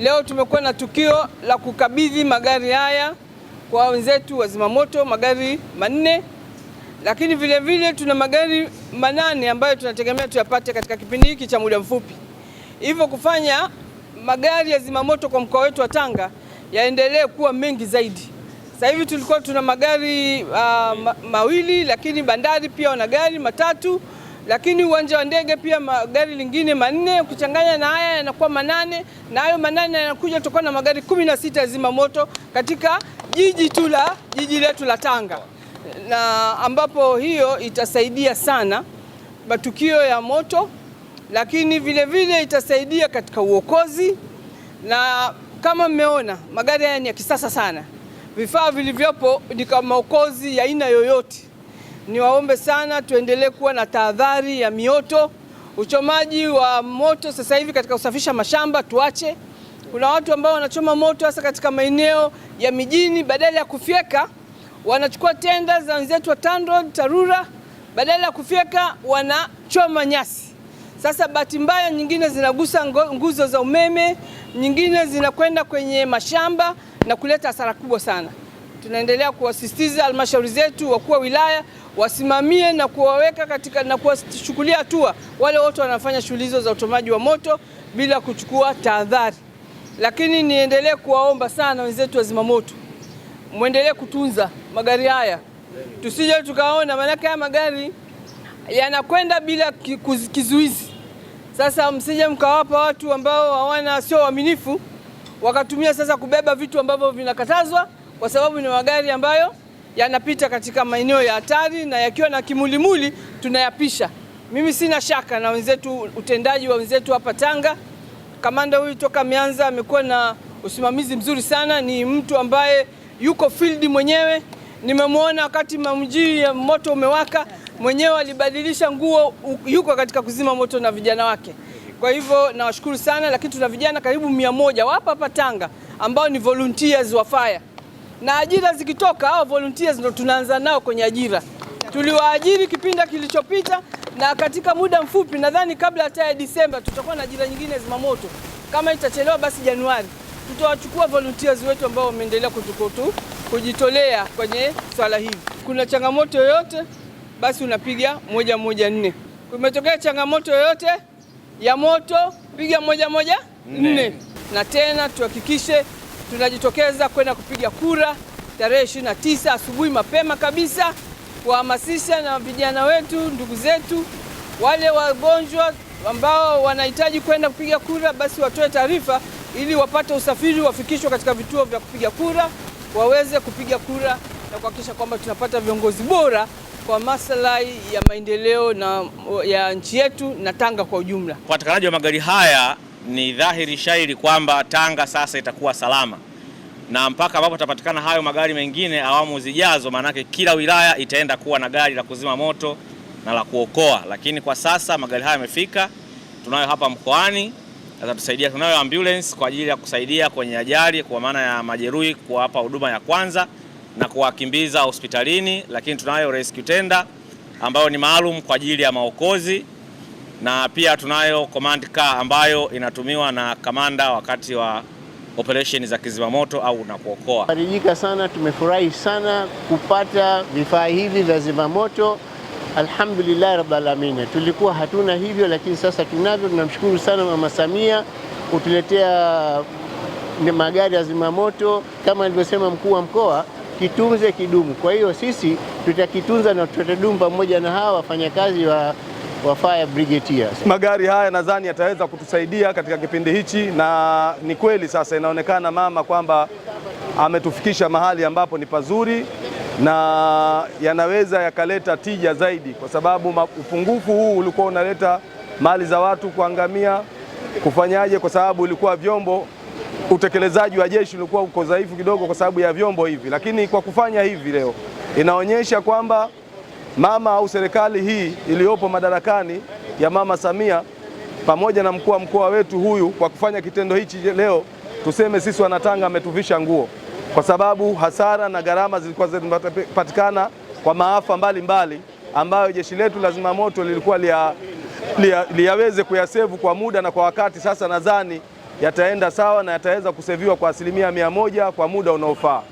Leo tumekuwa na tukio la kukabidhi magari haya kwa wenzetu wa zimamoto, magari manne, lakini vile vile tuna magari manane ambayo tunategemea tuyapate katika kipindi hiki cha muda mfupi, hivyo kufanya magari ya zimamoto kwa mkoa wetu wa Tanga yaendelee kuwa mengi zaidi. Sasa hivi tulikuwa tuna magari uh, ma mawili, lakini bandari pia wana gari matatu lakini uwanja wa ndege pia magari lingine manne, kuchanganya na haya yanakuwa manane, na hayo manane yanakuja toka na magari kumi na sita ya zimamoto katika jiji tu la jiji letu la Tanga, na ambapo hiyo itasaidia sana matukio ya moto, lakini vile vile itasaidia katika uokozi. Na kama mmeona magari haya ni ya kisasa sana, vifaa vilivyopo ni kama okozi ya aina yoyote niwaombe sana tuendelee kuwa na tahadhari ya mioto. Uchomaji wa moto sasa hivi katika kusafisha mashamba tuache. Kuna watu ambao wanachoma moto hasa katika maeneo ya mijini, badala ya kufyeka wanachukua tenda za wenzetu wa TANROADS, TARURA, badala ya kufyeka wanachoma nyasi. Sasa bahati mbaya nyingine zinagusa nguzo za umeme, nyingine zinakwenda kwenye mashamba na kuleta hasara kubwa sana. Tunaendelea kuwasisitiza halmashauri zetu, wakuu wa wilaya wasimamie na kuwaweka katika na kuwachukulia hatua wale wote wanafanya shughuli hizo za uchomaji wa moto bila kuchukua tahadhari. Lakini niendelee kuwaomba sana wenzetu wa zimamoto, mwendelee kutunza magari haya, tusije tukaona, maanake haya magari yanakwenda bila kizuizi. Sasa msije mkawapa watu ambao hawana sio waaminifu, wakatumia sasa kubeba vitu ambavyo vinakatazwa, kwa sababu ni magari ambayo yanapita katika maeneo ya hatari na yakiwa na kimulimuli tunayapisha. Mimi sina shaka na wenzetu, utendaji wa wenzetu hapa Tanga. Kamanda huyu toka ameanza amekuwa na usimamizi mzuri sana, ni mtu ambaye yuko field mwenyewe. Nimemwona wakati mamjii moto umewaka mwenyewe alibadilisha nguo, yuko katika kuzima moto na vijana wake. Kwa hivyo nawashukuru sana, lakini tuna vijana karibu mia moja wapo hapa Tanga ambao ni volunteers wa fire na ajira zikitoka, hao volunteers ndo tunaanza nao kwenye ajira. Tuliwaajiri kipindi kilichopita, na katika muda mfupi, nadhani kabla hata ya Disemba tutakuwa na ajira nyingine zimamoto. Kama itachelewa, basi Januari tutawachukua volunteers wetu ambao wameendelea kutukutu kujitolea kwenye swala hili. Kuna changamoto yoyote, basi unapiga moja moja nne. Kumetokea changamoto yoyote ya moto, piga moja moja nne. Na tena tuhakikishe tunajitokeza kwenda kupiga kura tarehe 29 asubuhi mapema kabisa, kuhamasisha na vijana wetu, ndugu zetu, wale wagonjwa ambao wanahitaji kwenda kupiga kura, basi watoe taarifa ili wapate usafiri, wafikishwe katika vituo vya kupiga kura, waweze kupiga kura na kuhakikisha kwamba tunapata viongozi bora kwa maslahi ya maendeleo na ya nchi yetu na Tanga kwa ujumla. Upatikanaji wa magari haya ni dhahiri shairi kwamba Tanga sasa itakuwa salama, na mpaka ambapo tapatikana hayo magari mengine awamu zijazo, maanake kila wilaya itaenda kuwa na gari la kuzima moto na la kuokoa. Lakini kwa sasa magari hayo yamefika, tunayo hapa mkoani yatatusaidia. Tunayo ambulance kwa ajili ya kusaidia kwenye ajali, kwa maana ya majeruhi, kuwapa huduma ya kwanza na kuwakimbiza hospitalini, lakini tunayo rescue tender ambayo ni maalum kwa ajili ya maokozi na pia tunayo command car ambayo inatumiwa na kamanda wakati wa operesheni za kizimamoto au na kuokoa. Farijika sana, tumefurahi sana kupata vifaa hivi vya zimamoto. Alhamdulillah rabbil alamin, tulikuwa hatuna hivyo, lakini sasa tunavyo. Tunamshukuru sana Mama Samia kutuletea magari ya zimamoto. Kama alivyosema mkuu wa mkoa, kitunze kidumu. Kwa hiyo sisi tutakitunza na tutadumu pamoja na hawa wafanyakazi wa wa fire brigadiers. Magari haya nadhani yataweza kutusaidia katika kipindi hichi, na ni kweli sasa inaonekana mama kwamba ametufikisha mahali ambapo ni pazuri na yanaweza yakaleta tija zaidi, kwa sababu upungufu huu ulikuwa unaleta mali za watu kuangamia. Kufanyaje? Kwa sababu ilikuwa vyombo, utekelezaji wa jeshi ulikuwa uko dhaifu kidogo, kwa sababu ya vyombo hivi. Lakini kwa kufanya hivi leo inaonyesha kwamba mama au serikali hii iliyopo madarakani ya Mama Samia pamoja na mkuu wa mkoa wetu huyu kwa kufanya kitendo hichi leo, tuseme sisi Wanatanga ametuvisha nguo, kwa sababu hasara na gharama zilikuwa zinapatikana kwa maafa mbalimbali mbali, ambayo jeshi letu la zimamoto lilikuwa lia, lia, liyaweze kuyasevu kwa muda na kwa wakati. Sasa nadhani yataenda sawa na yataweza kuseviwa kwa asilimia mia moja kwa muda unaofaa.